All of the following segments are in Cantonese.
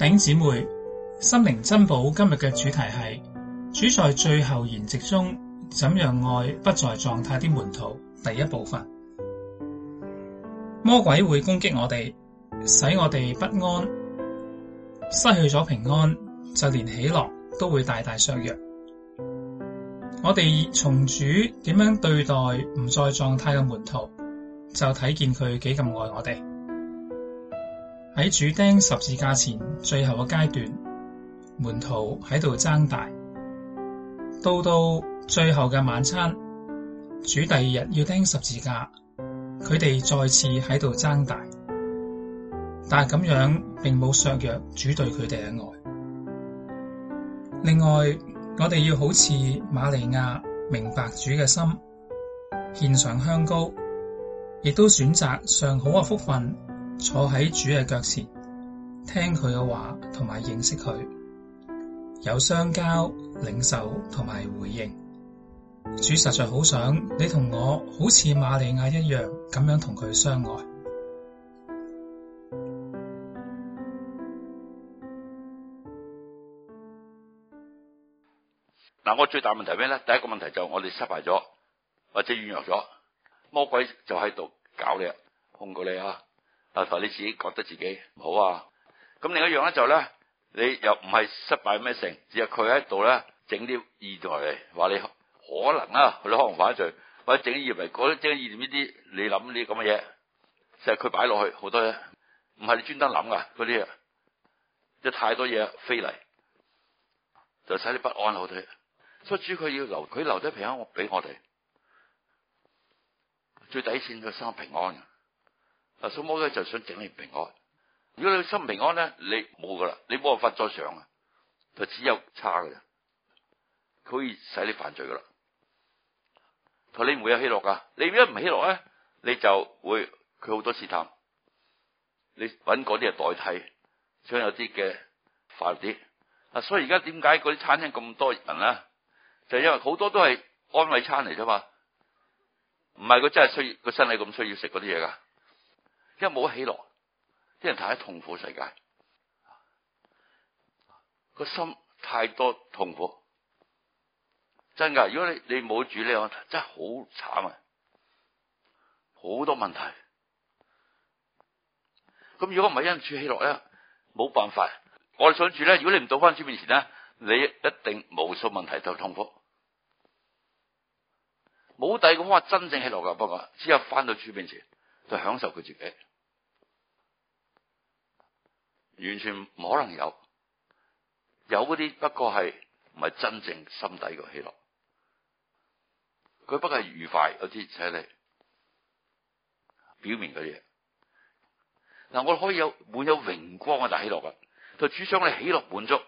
弟姊妹，心靈珍寶今日嘅主題係主在最後筵席中怎樣愛不在狀態的門徒，第一部分，魔鬼會攻擊我哋，使我哋不安，失去咗平安，就連喜樂都會大大削弱。我哋從主點樣對待唔在狀態嘅門徒，就睇見佢幾咁愛我哋。喺主釘十字架前最後嘅階段，門徒喺度爭大，到到最後嘅晚餐，主第二日要釘十字架，佢哋再次喺度爭大，但係咁樣並冇削弱主對佢哋嘅愛。另外，我哋要好似馬利亞明白主嘅心，獻上香膏，亦都選擇上好嘅福分。坐喺主嘅腳前，聽佢嘅話，同埋認識佢，有相交、領受同埋回應。主實在好想你同我，好似瑪利亞一樣咁樣同佢相愛。嗱，我最大問題咩咧？第一個問題就係我哋失敗咗，或者軟弱咗，魔鬼就喺度搞你，控告你啊！阿同你自己覺得自己唔好啊，咁另一樣咧就咧、是，你又唔係失敗咩成，只係佢喺度咧整啲意在嚟，話你可能啊，佢可能犯罪，或者整以為嗰啲意念呢啲，你諗呢啲咁嘅嘢，即係佢擺落去好多，嘢，唔係你專登諗噶，啲啊，即太多嘢飛嚟，就使啲不安好睇，所以主佢要留，佢留啲平安我俾我哋，最底線嘅生平安。阿、so, 魔摩咧就想整你平安，如果你心平安咧，你冇噶啦，你冇辦法再上啊，就只有差噶咋，佢可以使你犯罪噶啦。佢你唔會有喜樂噶，你如果唔喜樂咧，你就會佢好多試探，你揾嗰啲嚟代替，想有啲嘅快啲。啊，所以而家點解嗰啲餐廳咁多人咧？就是、因為好多都係安慰餐嚟啫嘛，唔係佢真係需要，個身體咁需要食嗰啲嘢噶。一冇喜樂，啲人睇喺痛苦世界，個心太多痛苦，真噶！如果你你冇住呢個，真係好慘啊，好多問題。咁如果唔係因住喜樂咧，冇辦法。我哋想住咧，如果你唔到翻主面前咧，你一定無數問題就痛苦。冇第二個可話真正喜樂噶，不過只有翻到主面前，就享受佢自己。完全唔可能有，有啲不過係唔係真正心底個喜樂，佢不過係愉快有啲請你表面嘅嘢。嗱，我可以有滿有榮光嘅大喜樂噶，就主張你喜樂滿足。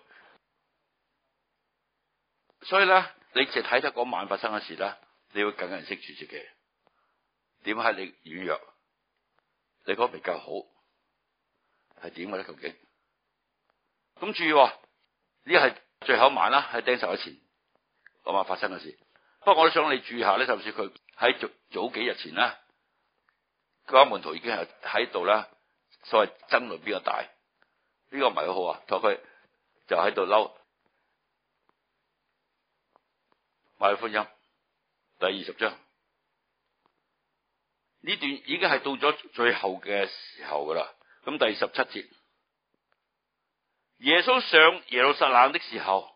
所以咧，你淨睇得嗰晚發生嘅事咧，你會更加認識住自己點解你軟弱，你嗰比較好。係點嘅咧？究竟？咁注意，呢係最後一晚啦，喺釘十字前嗰晚發生嘅事。不過我都想你注意下咧，就算佢喺早早幾日前啦，佢加門徒已經係喺度啦，所謂爭論比較大。呢、這個唔係好好啊，同佢就喺度嬲。馬太福音第二十章呢段已經係到咗最後嘅時候噶啦。咁第十七節，耶穌上耶路撒冷的時候，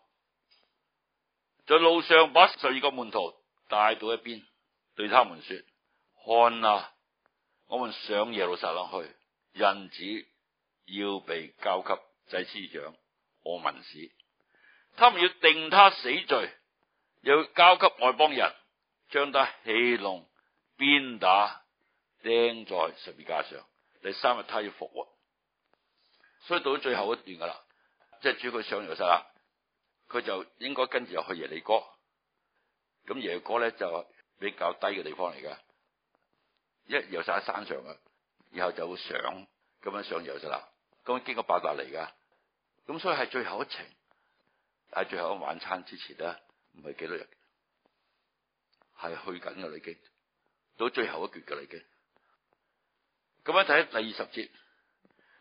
在路上把十二個門徒帶到一邊，對他們說：看啊，我們上耶路撒冷去，人子要被交給祭司長和文士，他們要定他死罪，又要交給外邦人，將他戲弄、鞭打，釘在十字架上。第三日，他要復活，所以到最後一段噶啦，即係主佢上猶山啦，佢就應該跟住又去耶利哥，咁耶利哥咧就比較低嘅地方嚟噶，一猶山喺山上啊，然後就會上咁樣上猶山啦，咁經過伯大尼噶，咁所以係最後一程，係最後一晚餐之前啦，唔係幾多日，係去緊噶啦已經，到最後一段噶啦已經。咁樣睇第二十節，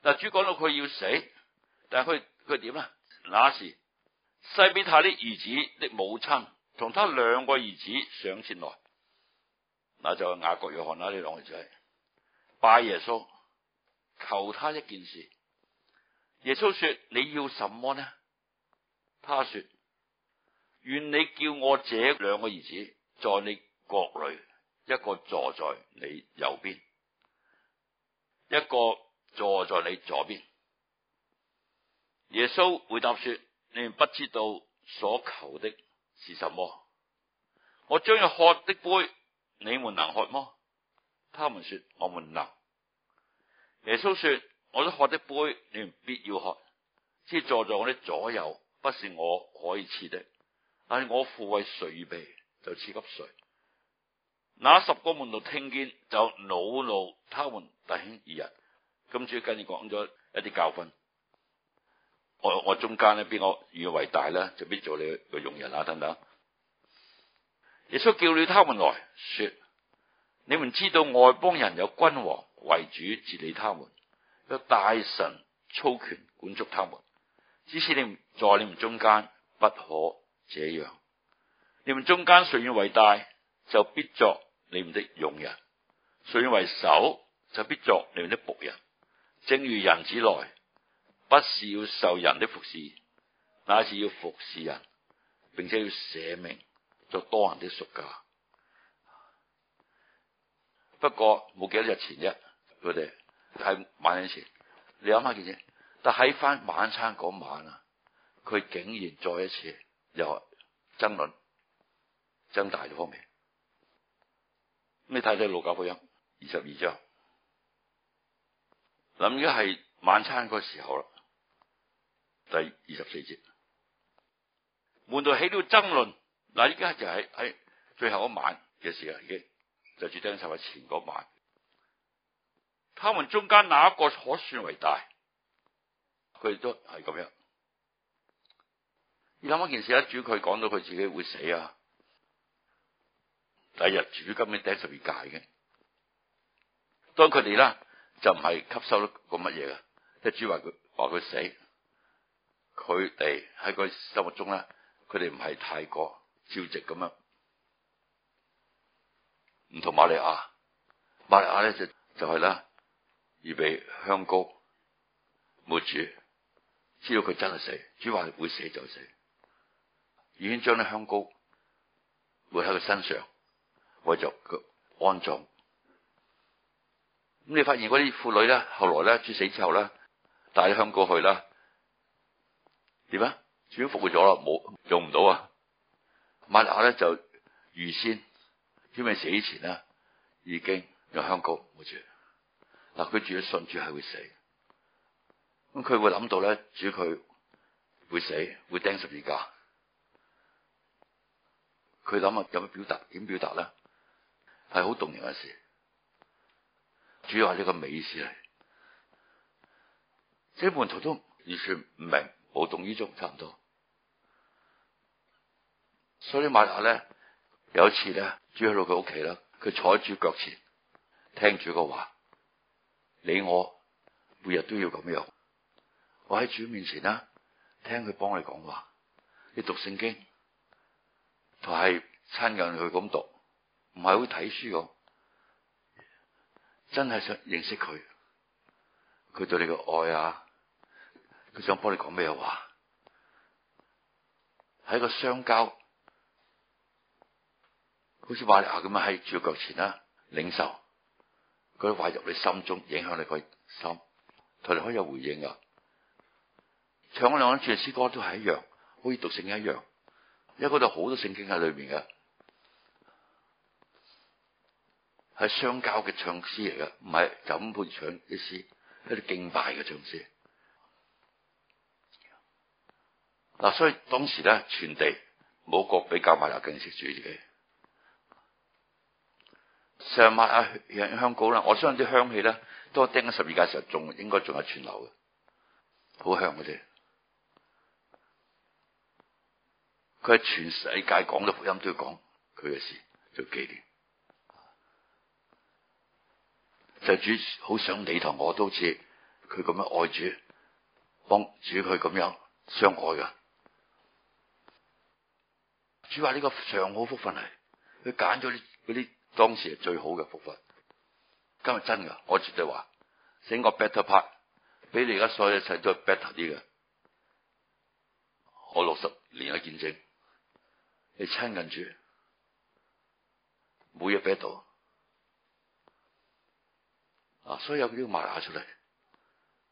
嗱主講到佢要死，但係佢佢點啊，那時西庇太的兒子的母親同他兩個兒子上前來，那就雅各、約翰啦，呢兩個仔拜耶穌，求他一件事。耶穌說：你要什麼呢？他說：願你叫我這兩個兒子在你國裡，一個坐在你右邊。一個坐在你左邊，耶穌回答說：你不知道所求的是什麼。我將要喝的杯，你們能喝麼？他們說：我們能。耶穌說：我都喝的杯，你們必要喝。先坐在我的左右，不是我可以賜的，但係我父為誰備，就賜給誰。那十個門徒聽見就惱怒他們弟兄二人，咁主要跟住講咗一啲教訓。我我中間呢，邊個願為大咧，就必做你個用人啊等等。耶穌叫了他們來說：你們知道外邦人有君王為主治理他們，有大臣操權管束他們，只是你們在你們中間不可這樣。你們中間誰願為大，就必作。你們的用人，誰願為首，就必作你們的僕人。正如人子來，不是要受人的服侍，乃是要服侍人，並且要捨命作多人的贖價。不過冇幾多日前啫，佢哋係晚餐前。你諗下件事，但喺翻晚餐嗰晚啊，佢竟然再一次又爭論，爭大咗方面。你睇睇《路加福音》二十二章，嗱，依家係晚餐嗰時候啦，第二十四節，門徒起了爭論，嗱，依家就喺喺最後一晚嘅時候，已經就決定係話前嗰晚，他們中間哪一個可算為大？佢都係咁樣。你諗一件事，一主佢講到佢自己會死啊。第日主今年第十二屆嘅，當佢哋啦就唔係吸收咗個乜嘢啊？即係主話佢話佢死，佢哋喺佢心目中啦，佢哋唔係太過消極咁樣，唔同瑪利亞，瑪利亞咧就就係啦，預備香膏抹主，知道佢真係死，主話佢會死就死，已經將啲香膏抹喺佢身上。為咗安葬，咁你發現嗰啲婦女咧，後來咧主死之後咧，帶香膏去啦，點啊？主復活咗啦，冇用唔到啊！馬利亞咧就預先，因為死以前啊已經有香膏冇住，嗱佢住咗信主係會死，咁佢會諗到咧主佢會死會釘十字架，佢諗下，有乜表達？點表達咧？係好動人嘅事，主要係呢個美事嚟。喺門徒中完全唔明，無動於衷，差唔多。所以馬大咧有一次咧，主要去到佢屋企啦，佢坐喺主腳前聽主嘅話。你我每日都要咁樣，我喺主面前啦，聽佢幫你講話，你讀聖經，同係親近去咁讀。唔係好睇書咁，真係想認識佢，佢對你嘅愛啊，佢想幫你講咩話，喺一個相交，好似馬利亞咁樣喺主嘅腳前啦，領受，佢懷入你心中，影響你個心，同你可以有回應噶，唱兩兩句詩歌都係一樣，可以讀聖經一樣，因為嗰度好多聖經喺裏面嘅。係相交嘅唱詩嚟噶，唔係就咁配唱啲詩，一啲敬拜嘅唱詩。嗱、啊，所以當時咧，全地冇國比較埋更進主住嘅。上麥啊，香膏，啦！我相信啲香氣咧，當我釘咗十字架嘅時候，仲應該仲係存留嘅，好香嘅啫。佢係全世界講嘅福音都要講佢嘅事，做紀念。就主好想你同我都似佢咁樣愛主，幫主佢咁樣相愛嘅。主話呢個上好福分係佢揀咗嗰啲當時係最好嘅福分。今日真噶，我絕對話整個 better part，比你而家所有一切都係 better 啲嘅。我六十年嘅見證，你親近主每日祈禱。啊，所以要啲馬拿出來。